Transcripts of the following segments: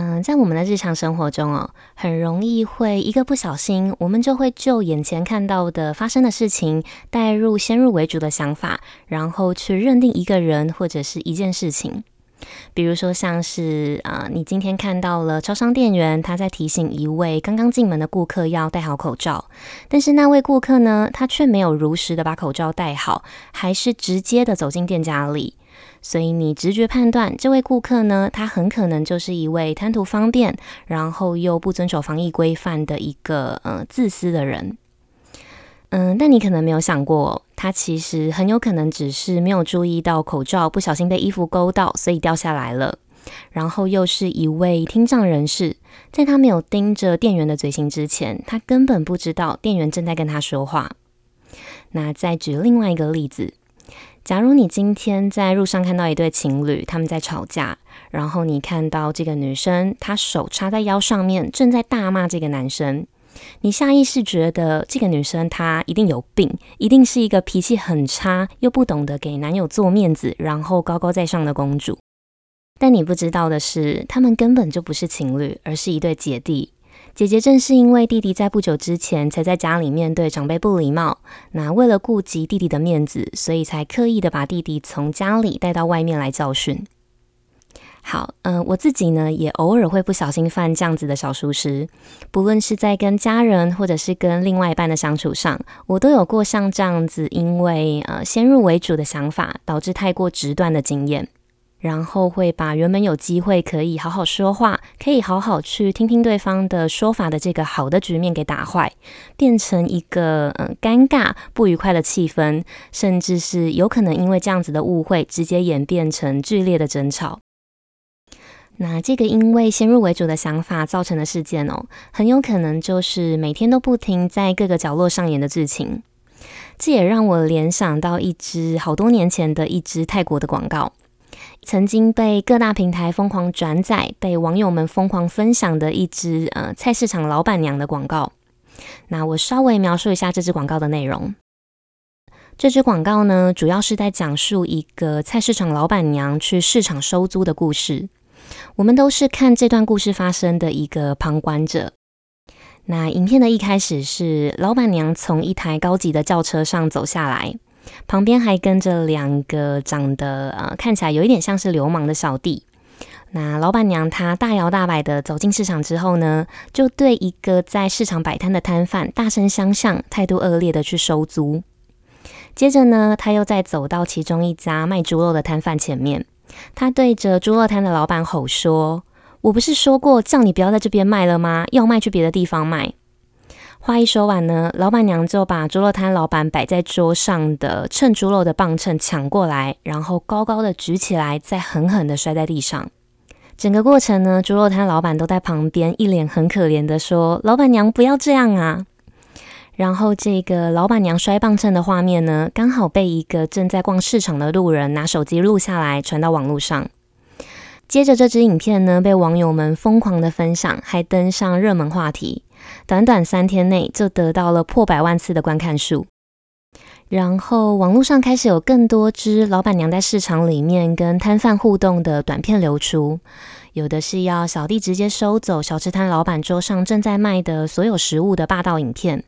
嗯、呃，在我們的日常生活中哦，很容易會一個不小心，我們就會就眼前看到的、發生的事情，帶入先入為主的想法，然後去認定一個人或者是一件事情。比如說，像是啊、呃，你今天看到了超商店員，他在提醒一位剛剛進門的顧客要戴好口罩，但是那位顧客呢，他卻沒有如實的把口罩戴好，還是直接的走進店家裡。所以你直覺判斷，這位顧客呢，他很可能就是一位貪圖方便，然後又不遵守防疫規範的一個呃自私的人。嗯、呃，但你可能沒有想過，他其實很有可能只是沒有注意到口罩不小心被衣服勾到，所以掉下來了。然後又是一位聽障人士，在他沒有盯着店員的嘴型之前，他根本不知道店員正在跟他說話。那再舉另外一個例子。假如你今天在路上看到一對情侶，他們在吵架，然後你看到這個女生，她手插在腰上面，正在大罵這個男生。你下意識覺得這個女生她一定有病，一定是一個脾氣很差、又不懂得給男友做面子，然後高高在上的公主。但你不知道的是，他們根本就不是情侶，而是一對姐弟。姐姐正是因為弟弟在不久之前才在家裡面對長輩不禮貌，那為了顧及弟弟的面子，所以才刻意的把弟弟從家裡帶到外面來教訓。好，嗯，呃，我自己呢也偶爾會不小心犯這樣子的小疏失，不論是在跟家人或者是跟另外一半的相處上，我都有過像這樣子，因為呃先入為主的想法，導致太過直斷的經驗。然後會把原本有機會可以好好說話，可以好好去聽聽對方的說法的這個好的局面給打壞，變成一個嗯、呃、尷尬、不愉快的氣氛，甚至是有可能因為這樣子的誤會直接演變成劇烈的爭吵。那這個因為先入為主的想法造成的事件哦，很有可能就是每天都不停在各個角落上演的劇情。這也讓我聯想到一支好多年前的一支泰國的廣告。曾經被各大平台瘋狂轉載、被網友們瘋狂分享的一支呃菜市場老闆娘的廣告。那我稍微描述一下這支廣告的內容。這支廣告呢，主要是在講述一個菜市場老闆娘去市場收租的故事。我們都是看這段故事發生的一個旁觀者。那影片的一開始是老闆娘從一台高級的轎車上走下來。旁邊還跟着兩個長得呃，看起來有一點像是流氓的小弟。那老闆娘她大搖大擺的走進市場之後呢，就對一個在市場擺攤的攤販大聲相向，態度惡劣的去收租。接着呢，她又再走到其中一家賣豬肉的攤販前面，她對着豬肉攤的老闆吼說：“我不是說過叫你不要在這邊賣了嗎？要賣去別的地方賣。”話一說完呢，老闆娘就把豬肉攤老闆擺在桌上的稱豬肉的磅秤搶過來，然後高高的舉起來，再狠狠的摔在地上。整個過程呢，豬肉攤老闆都在旁邊一臉很可憐的說：“老闆娘不要這樣啊！”然後這個老闆娘摔磅秤的畫面呢，剛好被一個正在逛市場的路人拿手機錄下來，傳到網絡上。接着，這支影片呢被網友們瘋狂的分享，還登上熱門話題。短短三天內就得到了破百萬次的觀看數，然後網絡上開始有更多支老闆娘在市場裡面跟攤販互動的短片流出，有的是要小弟直接收走小吃攤老闆桌上正在賣的所有食物的霸道影片，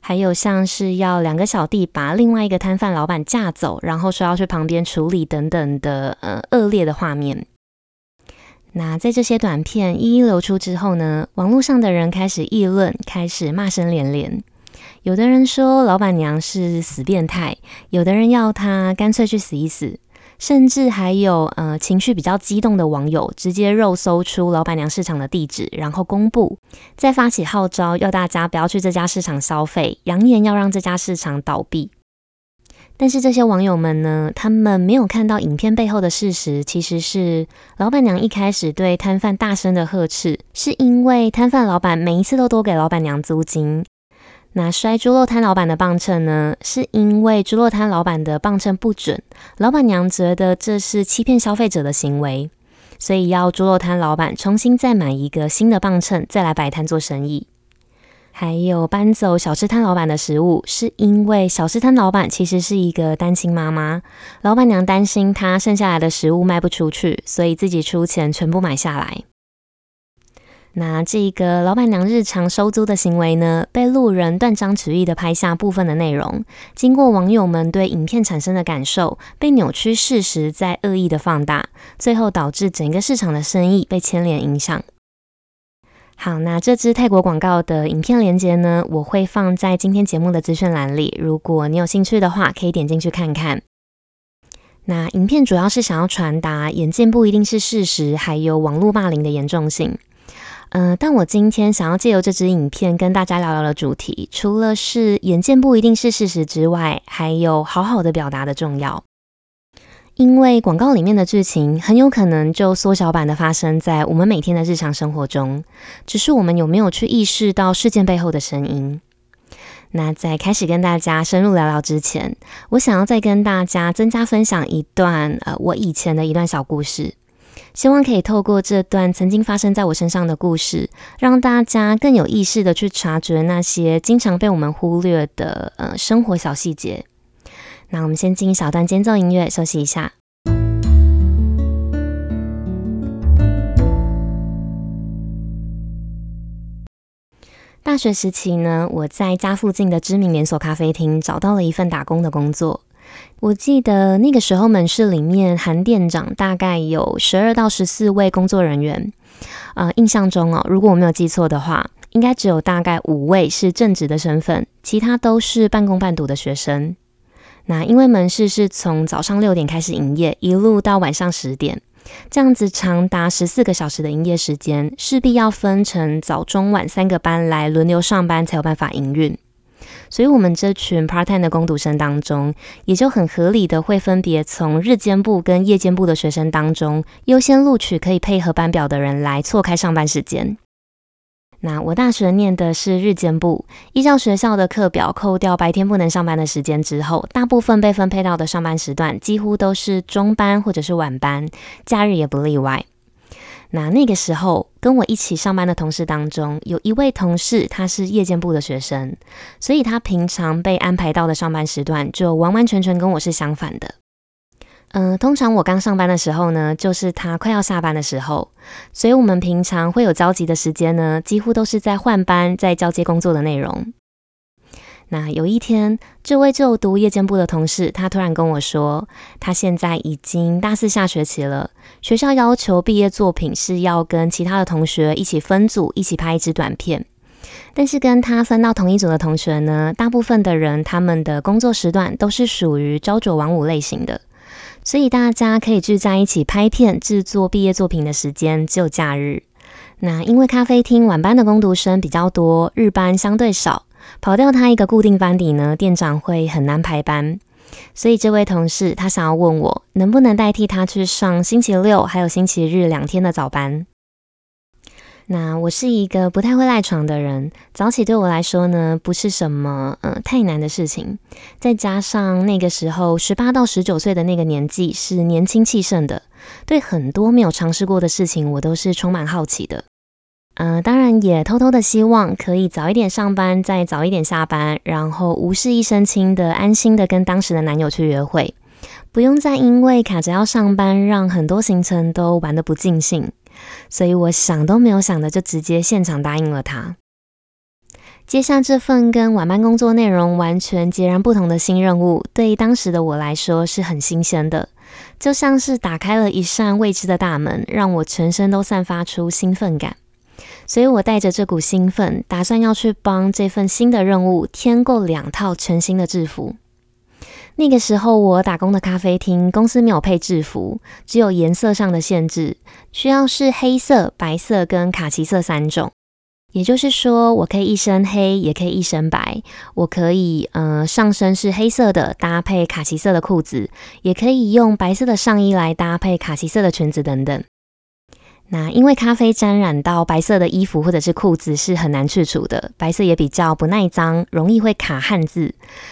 還有像是要兩個小弟把另外一個攤販老闆架走，然後說要去旁邊處理等等的呃惡劣的畫面。那在這些短片一一流出之後呢，網路上的人開始議論，開始罵聲連連。有的人說老闆娘是死變態，有的人要她乾脆去死一死，甚至還有呃情緒比較激動的網友直接肉搜出老闆娘市場的地址，然後公布，再發起號召，要大家不要去這家市場消費，揚言要讓這家市場倒閉。但是這些網友們呢，他們沒有看到影片背後的事實，其實是老闆娘一開始對攤販大聲的呵斥，是因為攤販老闆每一次都多給老闆娘租金。那摔豬肉攤老闆的磅秤呢，是因為豬肉攤老闆的磅秤不準，老闆娘覺得這是欺騙消費者的行為，所以要豬肉攤老闆重新再買一個新的磅秤，再來擺攤做生意。還有搬走小吃攤老闆的食物，是因為小吃攤老闆其實是一個單親媽媽，老闆娘擔心她剩下來的食物賣不出去，所以自己出錢全部買下來。那這個老闆娘日常收租的行為呢，被路人斷章取義的拍下部分的內容，經過網友們對影片產生的感受，被扭曲事實，再惡意的放大，最後導致整個市場的生意被牽連影響。好，那這支泰國廣告的影片連接呢，我會放在今天節目的資訊欄裡。如果你有興趣的話，可以點進去看看。那影片主要是想要傳達：眼見不一定是事實，還有網絡霸凌的嚴重性。呃，但我今天想要借由這支影片跟大家聊聊的主題，除了是眼見不一定是事實之外，還有好好的表達的重要。因為廣告裡面的劇情很有可能就縮小版的發生在我們每天的日常生活中，只是我們有沒有去意識到事件背後的聲音？那在開始跟大家深入聊聊之前，我想要再跟大家增加分享一段呃我以前的一段小故事，希望可以透過這段曾經發生在我身上的故事，讓大家更有意識的去察覺那些經常被我們忽略的呃生活小細節。那我們先進一小段間奏音樂，休息一下。 大學時期呢，我在家附近的知名連鎖咖啡廳找到了一份打工的工作。我記得那個時候，門市裡面含店長，大概有十二到十四位工作人員。呃，印象中哦，如果我沒有記錯的話，應該只有大概五位是正職的身份，其他都是半工半讀的學生。那因為門市是從早上六點開始營業，一路到晚上十點，這樣子長達十四個小時的營業時間，勢必要分成早中晚三個班來輪流上班才有辦法營運。所以，我們這群 part time 的工讀生當中，也就很合理的會分別從日間部跟夜間部的學生當中，優先錄取可以配合班表的人來錯開上班時間。那我大學念的是日間部，依照學校的課表扣掉白天不能上班的時間之後，大部分被分配到的上班時段幾乎都是中班或者是晚班，假日也不例外。那那個時候跟我一起上班的同事當中，有一位同事他是夜間部的學生，所以他平常被安排到的上班時段就完完全全跟我是相反的。嗯、呃，通常我剛上班的時候呢，就是他快要下班的時候，所以我們平常會有交集的時間呢，幾乎都是在換班，在交接工作的內容。那有一天，這位就讀夜間部的同事，他突然跟我說，他現在已經大四下學期了，學校要求畢業作品是要跟其他的同學一起分組，一起拍一支短片。但是跟他分到同一組的同學呢，大部分的人他們的工作時段都是屬於朝九晚五類型的。所以大家可以聚在一起拍片、製作畢業作品的時間只有假日。那因為咖啡廳晚班的工讀生比較多，日班相對少，跑掉他一個固定班底呢，店長會很難排班。所以這位同事他想要問我，能不能代替他去上星期六還有星期日兩天的早班？那我是一個不太會賴床的人，早起對我來說呢不是什麼呃太難的事情。再加上那個時候十八到十九歲的那個年紀是年輕氣盛的，對很多沒有嘗試過的事情我都是充滿好奇的。嗯、呃，當然也偷偷的希望可以早一點上班，再早一點下班，然後無事一身輕的安心的跟當時的男友去約會，不用再因為卡着要上班讓很多行程都玩得不盡興。所以我想都沒有想的，就直接現場答應了他。接下這份跟晚班工作內容完全截然不同的新任務，對於當時的我來說是很新鮮的，就像是打開了一扇未知的大門，讓我全身都散發出興奮感。所以，我帶着這股興奮，打算要去幫這份新的任務添購兩套全新的制服。那個時候，我打工的咖啡廳公司沒有配制服，只有顏色上的限制，需要是黑色、白色跟卡其色三種。也就是說，我可以一身黑，也可以一身白；我可以，呃，上身是黑色的搭配卡其色的褲子，也可以用白色的上衣來搭配卡其色的裙子等等。那因為咖啡沾染到白色的衣服或者是褲子是很難去除的，白色也比較不耐髒，容易會卡汗漬。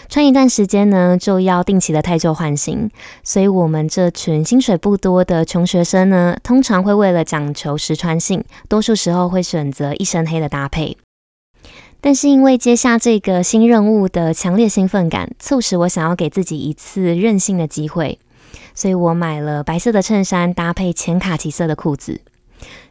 穿一段時間呢，就要定期的汰舊換新。所以我們這群薪水不多的窮學生呢，通常會為了講求實穿性，多數時候會選擇一身黑的搭配。但是因為接下這個新任務的強烈興奮感，促使我想要給自己一次任性的機會，所以我買了白色的襯衫搭配淺卡其色的褲子。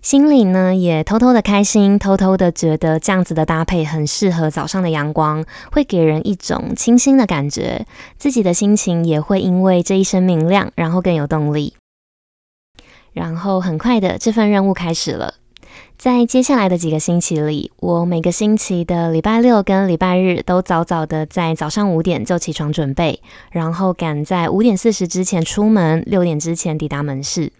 心裡呢，也偷偷的開心，偷偷的覺得這樣子的搭配很適合早上的陽光，會給人一種清新的感覺，自己的心情也會因為這一身明亮，然後更有動力。然後很快的，這份任務開始了，在接下來的幾個星期裡，我每個星期的禮拜六跟禮拜日都早早的在早上五點就起床準備，然後趕在五點四十之前出門，六點之前抵達門市。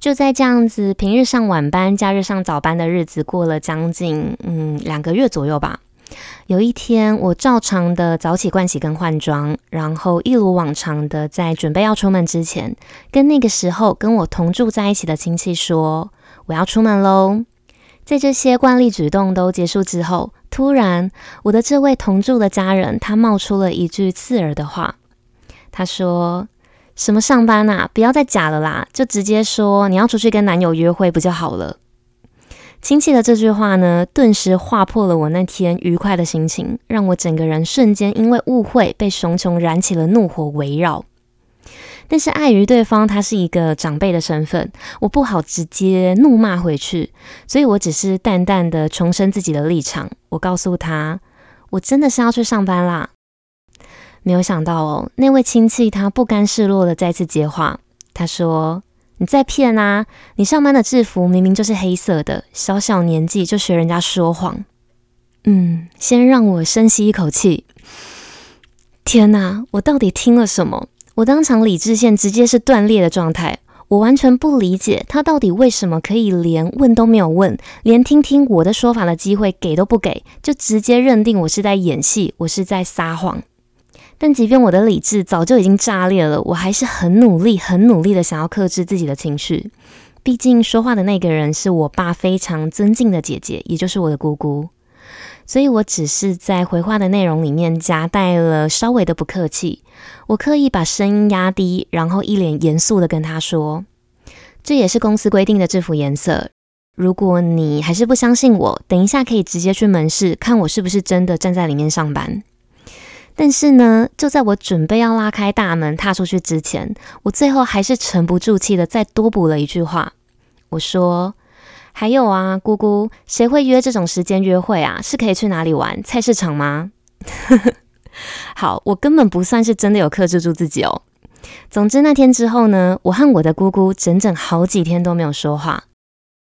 就在這樣子，平日上晚班，假日上早班的日子過了將近嗯兩個月左右吧。有一天，我照常的早起盥洗跟換裝，然後一如往常的在準備要出門之前，跟那個時候跟我同住在一起的親戚說，我要出門嘍。在這些慣例舉動都結束之後，突然我的這位同住的家人，他冒出了一句刺耳的話，他說。什麼上班吶、啊？不要再假了啦，就直接說你要出去跟男友約會不就好了？親戚的這句話呢，頓時劃破了我那天愉快的心情，讓我整個人瞬間因為誤會，被熊熊燃起了怒火圍繞。但是礙於對方他是一個長輩的身份，我不好直接怒罵回去，所以我只是淡淡的重申自己的立場，我告訴他，我真的是要去上班啦。沒有想到哦，那位親戚他不甘示弱的再次接話，他說：“你在騙啊！你上班的制服明明就是黑色的，小小年紀就學人家說謊。”嗯，先讓我深吸一口氣。天哪，我到底聽了什麼？我當場理智線直接是斷裂的狀態，我完全不理解他到底為什麼可以連問都沒有問，連聽聽我的說法的機會給都不給，就直接認定我是在演戲，我是在撒謊。但即便我的理智早就已經炸裂了，我還是很努力、很努力地想要克制自己的情緒。畢竟說話的那個人是我爸非常尊敬的姐姐，也就是我的姑姑，所以我只是在回話的內容裡面夾帶了稍微的不客氣。我刻意把聲音壓低，然後一臉嚴肅地跟她說：“這也是公司規定的制服顏色。如果你還是不相信我，等一下可以直接去門市看我是不是真的站在裡面上班。”但是呢，就在我準備要拉開大門踏出去之前，我最後還是沉不住氣的再多補了一句話。我說：“還有啊，姑姑，誰會約這種時間約會啊？是可以去哪裡玩？菜市場嗎？” 好，我根本不算是真的有克制住自己哦。總之那天之後呢，我和我的姑姑整整好幾天都沒有說話。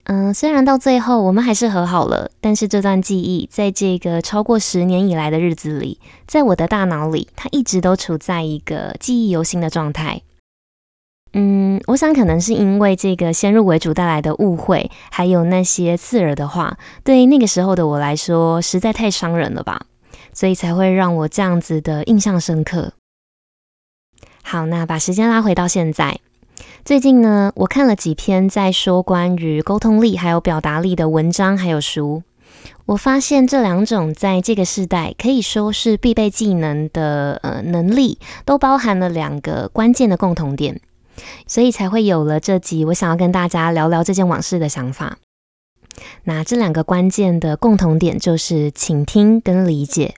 嗯，雖然到最後我們還是和好了，但是這段記憶在這個超過十年以來的日子裡，在我的大腦裡，它一直都處在一個記憶猶新的狀態。嗯，我想可能是因為這個先入為主帶來的誤會，還有那些刺耳的話，對於那個時候的我來說，實在太傷人了吧，所以才會讓我這樣子的印象深刻。好，那把時間拉回到現在。最近呢，我看了幾篇在說關於溝通力還有表達力的文章，還有書，我發現這兩種在這個世代可以說是必備技能的呃能力，都包含了兩個關鍵的共同點，所以才會有了這集我想要跟大家聊聊這件往事的想法。那這兩個關鍵的共同點就是傾聽跟理解。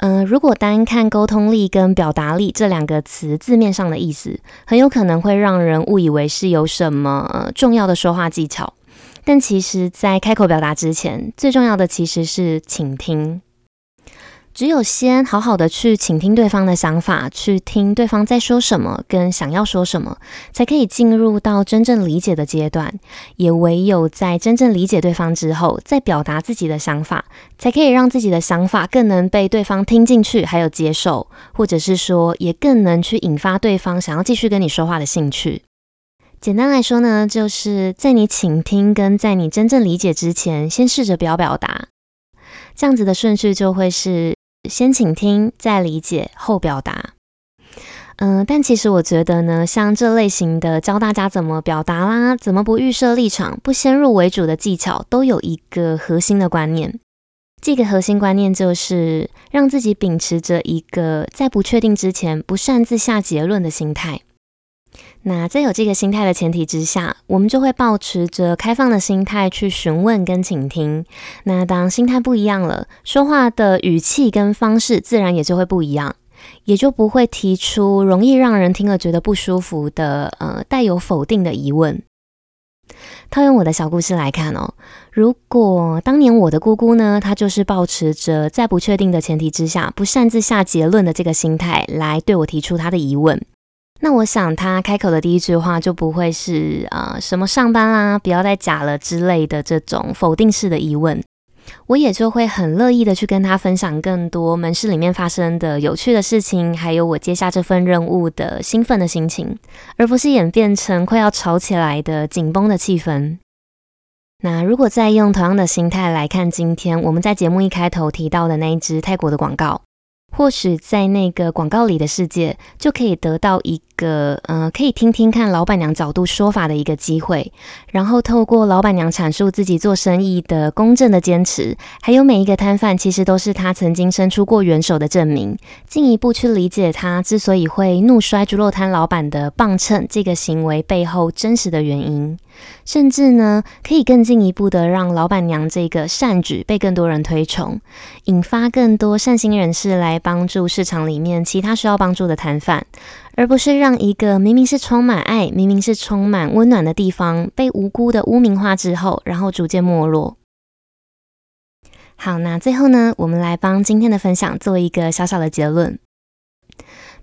嗯、呃，如果單看溝通力跟表達力這兩個詞字面上的意思，很有可能會讓人誤以為是有什麼重要的說話技巧，但其實，在開口表達之前，最重要的其實是傾聽。只有先好好的去傾聽對方的想法，去聽對方在說什麼，跟想要說什麼，才可以進入到真正理解的階段。也唯有在真正理解對方之後，再表達自己的想法，才可以讓自己的想法更能被對方聽進去，還有接受，或者是說，也更能去引發對方想要繼續跟你說話的興趣。簡單來說呢，就是在你傾聽跟在你真正理解之前，先試着表表達，這樣子的順序就會是。先請聽，再理解，後表達。嗯、呃，但其實我覺得呢，像這類型的教大家怎麼表達啦，怎麼不預設立場、不先入為主的技巧，都有一個核心的觀念。這個核心觀念就是讓自己秉持着一個在不確定之前不擅自下結論的心態。那在有這個心態的前提之下，我們就會抱持着開放的心態去詢問跟傾聽。那當心態不一樣了，說話的語氣跟方式自然也就會不一樣，也就不會提出容易讓人聽了覺得不舒服的呃帶有否定的疑問。套用我的小故事來看哦，如果當年我的姑姑呢，她就是抱持着在不確定的前提之下不擅自下結論的這個心態來對我提出她的疑問。那我想，他開口的第一句話就不會是“啊、呃，什麼上班啦、啊，不要再假了”之類的這種否定式的疑問。我也就會很樂意的去跟他分享更多門市裡面發生的有趣的事情，還有我接下這份任務的興奮的心情，而不是演變成快要吵起來的緊繃的氣氛。那如果再用同樣的心態來看今天我們在節目一開頭提到的那一支泰國的廣告，或許在那個廣告裡的世界就可以得到一。個呃，可以聽聽看老闆娘角度說法的一個機會，然後透過老闆娘闡述自己做生意的公正的堅持，還有每一個攤販其實都是他曾經伸出過援手的證明，進一步去理解他之所以會怒摔豬肉攤老闆的磅秤這個行為背後真實的原因，甚至呢可以更進一步的讓老闆娘這個善舉被更多人推崇，引發更多善心人士來幫助市場裡面其他需要幫助的攤販。而不是讓一個明明是充滿愛、明明是充滿溫暖的地方被無辜的污名化之後，然後逐漸沒落。好，那最後呢，我們來幫今天的分享做一個小小的結論：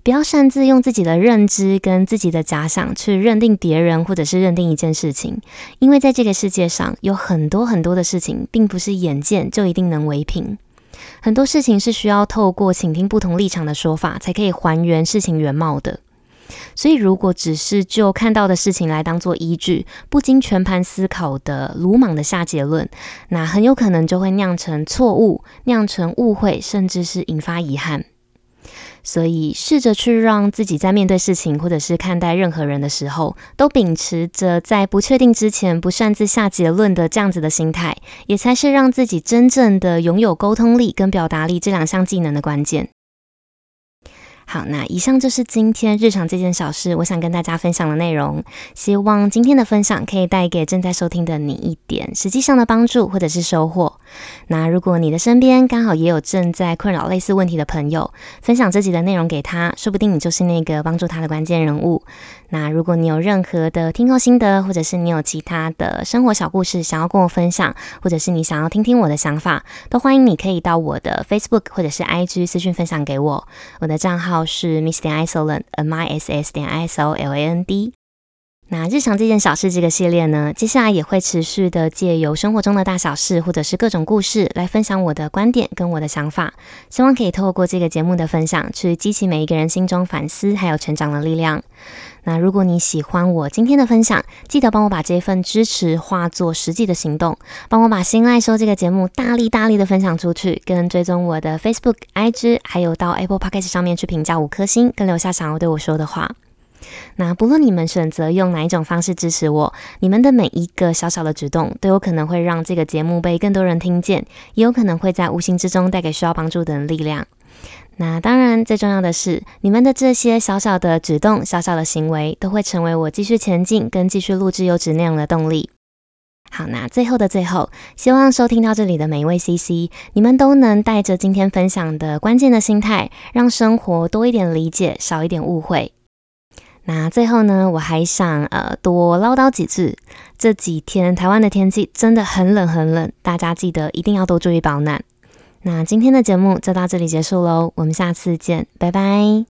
不要擅自用自己的認知跟自己的假想去認定別人，或者是認定一件事情，因為在這個世界上有很多很多的事情，並不是眼見就一定能為憑，很多事情是需要透過傾聽不同立場的說法，才可以還原事情原貌的。所以，如果只是就看到的事情來當做依據，不經全盤思考的魯莽的下結論，那很有可能就會釀成錯誤，釀成誤會，甚至是引發遺憾。所以，試着去讓自己在面對事情或者是看待任何人的時候，都秉持着在不確定之前不擅自下結論的這樣子的心態，也才是讓自己真正的擁有溝通力跟表達力這兩項技能的關鍵。好，那以上就是今天日常這件小事，我想跟大家分享的內容。希望今天的分享可以帶給正在收聽的你一點實際上的幫助或者是收穫。那如果你的身邊剛好也有正在困擾類似問題的朋友，分享這集的內容給他，說不定你就是那個幫助他的關鍵人物。那如果你有任何的聽後心得，或者是你有其他的生活小故事想要跟我分享，或者是你想要聽聽我的想法，都歡迎你可以到我的 Facebook 或者是 IG 私訊分享給我。我的賬號是 miss 點 isoland m i s s 點 i s o l a n d。那日常這件小事這個系列呢，接下來也會持續的借由生活中的大小事，或者是各種故事來分享我的觀點跟我的想法。希望可以透過這個節目的分享，去激起每一個人心中反思還有成長的力量。那如果你喜歡我今天的分享，記得幫我把這份支持化作實際的行動，幫我把心賴說這個節目大力大力的分享出去，跟追蹤我的 Facebook、IG，還有到 Apple Podcast 上面去評價五顆星，跟留下想要對我說的話。那不論你們選擇用哪一種方式支持我，你們的每一個小小的舉動都有可能會讓這個節目被更多人聽見，也有可能會在無形之中帶給需要幫助的人力量。那當然，最重要的是，你們的這些小小的舉動、小小的行為，都會成為我繼續前進跟繼續錄製優質內容的動力。好，那最後的最後，希望收聽到這裡的每一位 CC，你們都能帶着今天分享的關鍵的心態，讓生活多一點理解，少一點誤會。那最後呢，我還想呃多嘮叨幾句。這幾天台灣的天氣真的很冷很冷，大家記得一定要多注意保暖。那今天的節目就到這裡結束嘍，我們下次見，拜拜。